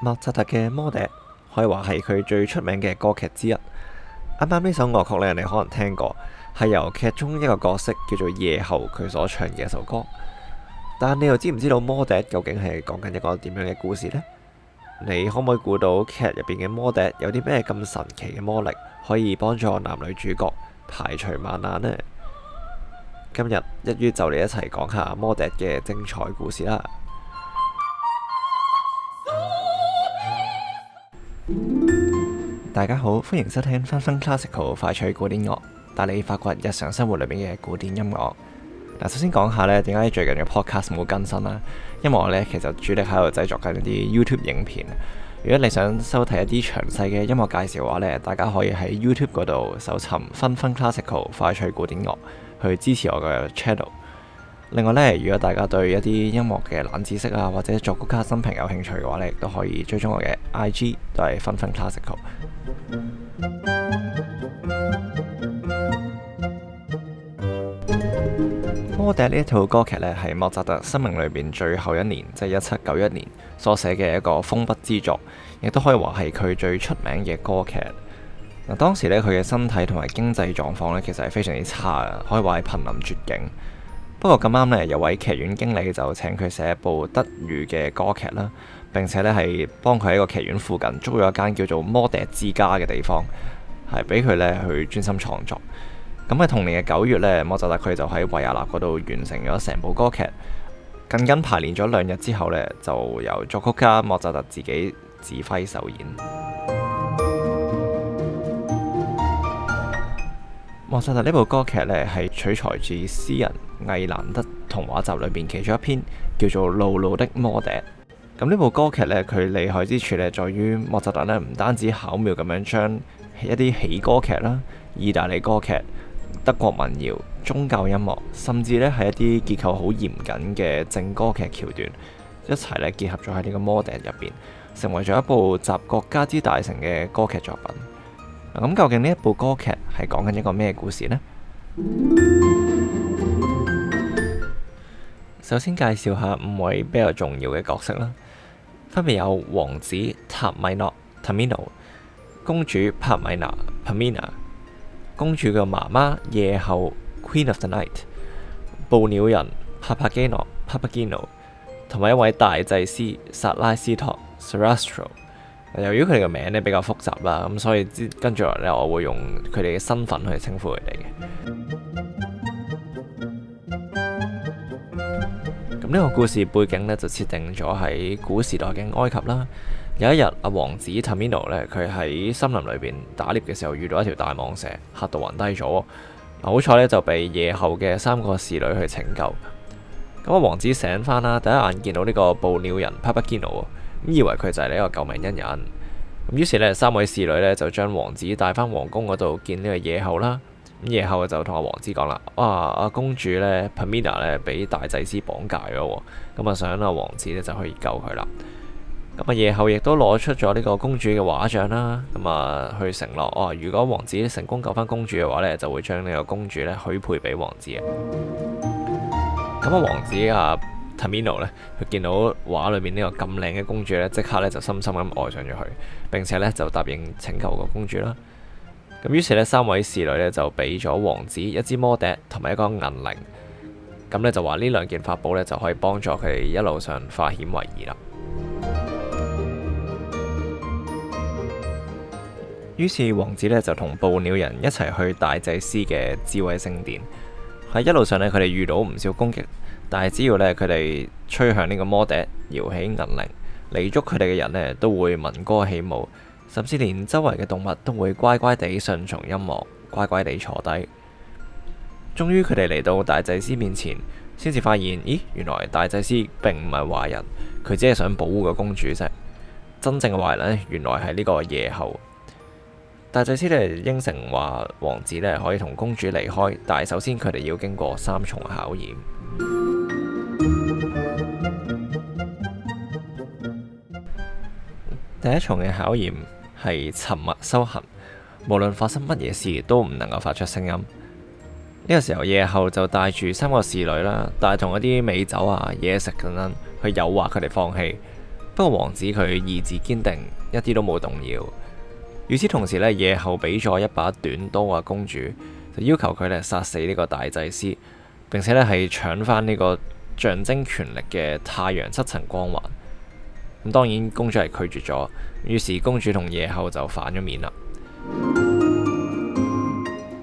莫扎特嘅《魔笛》可以話係佢最出名嘅歌劇之一，啱啱呢首樂曲呢，你可能聽過，係由劇中一個角色叫做夜后佢所唱嘅一首歌。但你又知唔知道《魔笛》究竟係講緊一個點樣嘅故事呢？你可唔可以估到劇入邊嘅《魔笛》有啲咩咁神奇嘅魔力，可以幫助男女主角排除萬難呢？今日一於就嚟一齊講下《魔笛》嘅精彩故事啦！大家好，歡迎收聽 Fun Fun Classical 快趣古典樂，帶你發掘日常生活裏面嘅古典音樂。嗱，首先講下呢點解最近嘅 podcast 冇更新啦？因為我呢其實主力喺度製作緊一啲 YouTube 影片。如果你想收睇一啲詳細嘅音樂介紹嘅話呢，大家可以喺 YouTube 嗰度搜尋 Fun Fun Classical 快趣古典樂，去支持我嘅 channel。另外呢，如果大家對一啲音樂嘅冷知識啊，或者作曲家生平有興趣嘅話呢，亦都可以追蹤我嘅 IG，都係 fun fun clas sical。《魔笛》呢一套歌劇呢，係莫扎特生命裏面最後一年，即係一七九一年所寫嘅一個封筆之作，亦都可以話係佢最出名嘅歌劇。嗱，當時咧佢嘅身體同埋經濟狀況呢，其實係非常之差嘅，可以話係瀕臨絕境。不過咁啱呢，有位劇院經理就請佢寫一部德語嘅歌劇啦，並且呢，係幫佢喺個劇院附近租咗一間叫做魔笛之家嘅地方，係俾佢呢去專心創作。咁喺同年嘅九月呢，莫扎特佢就喺維也納嗰度完成咗成部歌劇，僅僅排練咗兩日之後呢，就由作曲家莫扎特自己指揮首演。莫扎特呢部歌劇咧，係取材自詩人魏蘭德童話集裏邊其中一篇叫做《露露的魔笛》。咁呢部歌劇咧，佢厲害之處呢，在於莫扎特咧唔單止巧妙咁樣將一啲喜歌劇啦、意大利歌劇、德國民謠、宗教音樂，甚至咧係一啲結構好嚴謹嘅正歌劇橋段，一齊咧結合咗喺呢個魔笛入邊，成為咗一部集各家之大成嘅歌劇作品。咁、嗯、究竟呢一部歌劇係講緊一個咩故事呢？ 首先介紹下五位比較重要嘅角色啦，分別有王子塔米諾 （Tamino）、公主帕米娜 （Pamina）、公主嘅媽媽夜后 （Queen of the Night）、捕鳥人帕帕基諾帕帕基諾同埋一位大祭司薩拉斯托。由於佢哋嘅名呢比較複雜啦，咁所以跟住落嚟，我會用佢哋嘅身份去稱呼佢哋嘅。咁呢 個故事背景呢，就設定咗喺古時代嘅埃及啦。有一日，阿王子 Tamino 呢，佢喺森林裏邊打獵嘅時候遇到一條大蟒蛇，嚇到暈低咗。好彩呢，就被夜后嘅三個侍女去拯救。咁阿王子醒返啦，第一眼見到呢個捕鳥人 Papageno。咁以為佢就係呢一個救命恩人，咁於是呢三位侍女呢就將王子帶返皇宮嗰度見呢個夜后啦，咁夜后就同阿王子講啦，哇阿公主呢 Pamina，erm、呢，俾大祭司綁架咗，咁啊想阿王子呢就可以救佢啦，咁啊夜后亦都攞出咗呢個公主嘅畫像啦，咁啊去承諾哦，如果王子成功救返公主嘅話呢，就會將呢個公主呢許配俾王，王子啊，咁啊王子啊。Tamino 佢見到畫裏面呢個咁靚嘅公主呢即刻呢就深深咁愛上咗佢，並且呢就答應請求個公主啦。咁於是呢三位侍女呢，就俾咗王子一支魔笛同埋一個銀鈴。咁呢就話呢兩件法寶呢，就可以幫助佢哋一路上化險為夷啦。 於是王子呢，就同捕鳥人一齊去大祭司嘅智慧聖殿。喺一路上呢，佢哋遇到唔少攻擊。但係只要咧，佢哋吹響呢個魔笛，搖起銀鈴，嚟捉佢哋嘅人咧，都會聞歌起舞，甚至連周圍嘅動物都會乖乖地順從音樂，乖乖地坐低。終於佢哋嚟到大祭司面前，先至發現，咦，原來大祭司並唔係壞人，佢只係想保護個公主啫。真正嘅壞人咧，原來係呢個夜后。大祭司咧，應承話，王子咧可以同公主離開，但係首先佢哋要經過三重考驗。第一重嘅考驗係沉默修行，無論發生乜嘢事都唔能夠發出聲音。呢個時候夜后就帶住三個侍女啦，帶同一啲美酒啊、嘢食等等去誘惑佢哋放棄。不過王子佢意志堅定，一啲都冇動搖。與此同時咧，夜后俾咗一把短刀啊，公主就要求佢哋殺死呢個大祭司，並且咧係搶返呢個象徵權力嘅太陽七層光環。咁當然公主係拒絕咗，於是公主同夜后就反咗面啦。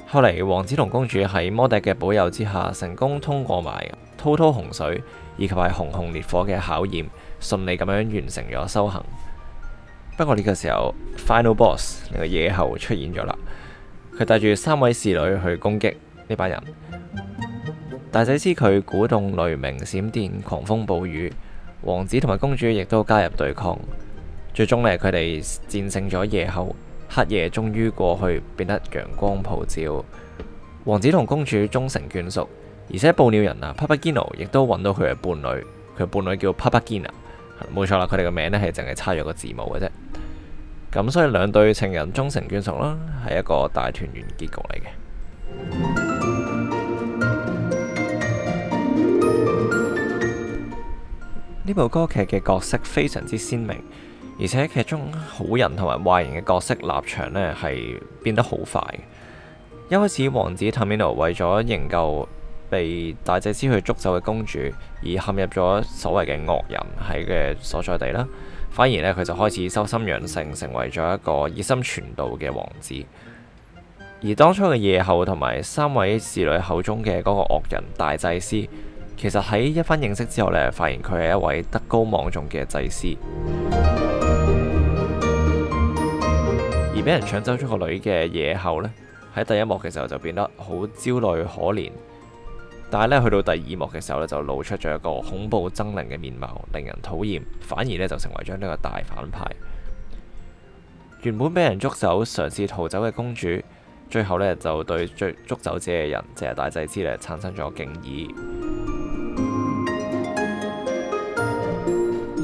後嚟王子同公主喺魔笛嘅保佑之下，成功通過埋滔滔洪水以及係熊熊烈火嘅考驗，順利咁樣完成咗修行。不過呢個時候，final boss，呢個夜后出現咗啦，佢帶住三位侍女去攻擊呢班人。大祭司佢鼓動雷鳴、閃電、狂風、暴雨。王子同埋公主亦都加入對抗，最終呢，佢哋戰勝咗夜后，黑夜終於過去，變得陽光普照。王子同公主終成眷屬，而且捕鳥人啊，Papageno 亦都搵到佢嘅伴侶，佢嘅伴侶叫 Papagena，冇錯啦。佢哋嘅名呢係淨係差咗個字母嘅啫。咁所以兩對情人終成眷屬啦，係一個大團圓結局嚟嘅。呢部歌劇嘅角色非常之鮮明，而且劇中好人同埋壞人嘅角色立場呢係變得好快。一開始王子 Tamino 為咗營救被大祭司去捉走嘅公主，而陷入咗所謂嘅惡人喺嘅所在地啦，反而呢，佢就開始修心養性，成為咗一個熱心傳道嘅王子。而當初嘅夜后同埋三位侍女口中嘅嗰個惡人大祭司。其實喺一番認識之後呢，發現佢係一位德高望重嘅祭司。而俾人搶走咗個女嘅嘢後呢，喺第一幕嘅時候就變得好焦慮可憐。但係呢，去到第二幕嘅時候呢，就露出咗一個恐怖猙獰嘅面貌，令人討厭。反而呢就成為咗呢個大反派。原本俾人捉走，嘗試逃走嘅公主，最後呢就對捉走自己嘅人，即係大祭司呢，產生咗敬意。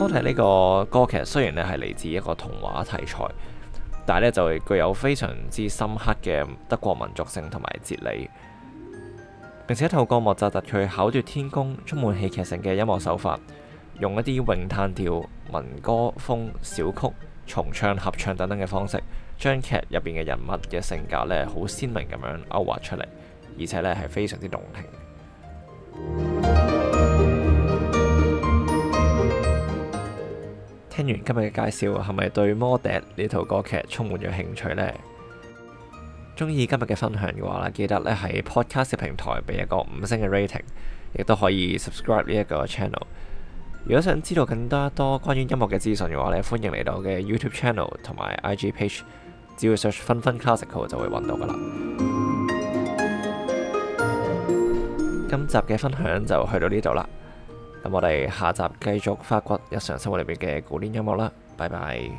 多睇呢個歌劇，雖然咧係嚟自一個童話題材，但係呢就係具有非常之深刻嘅德國民族性同埋哲理。並且透過莫札特，佢巧奪天工，充滿戲劇性嘅音樂手法，用一啲詠嘆調、民歌風小曲、重唱、合唱等等嘅方式，將劇入邊嘅人物嘅性格呢好鮮明咁樣勾畫出嚟，而且呢係非常之動聽。聽完今日嘅介紹，係咪對《魔笛》呢套歌劇充滿咗興趣呢？中意今日嘅分享嘅話啦，記得咧喺 Podcast 平台俾一個五星嘅 rating，亦都可以 subscribe 呢一個 channel。如果想知道更加多，多關於音樂嘅資訊嘅話咧，歡迎嚟到我嘅 YouTube channel 同埋 IG page，只要 search 分分 Classical 就會揾到噶啦。 今集嘅分享就去到呢度啦。咁我哋下集繼續發掘日常生活裏邊嘅古典音樂啦，拜拜。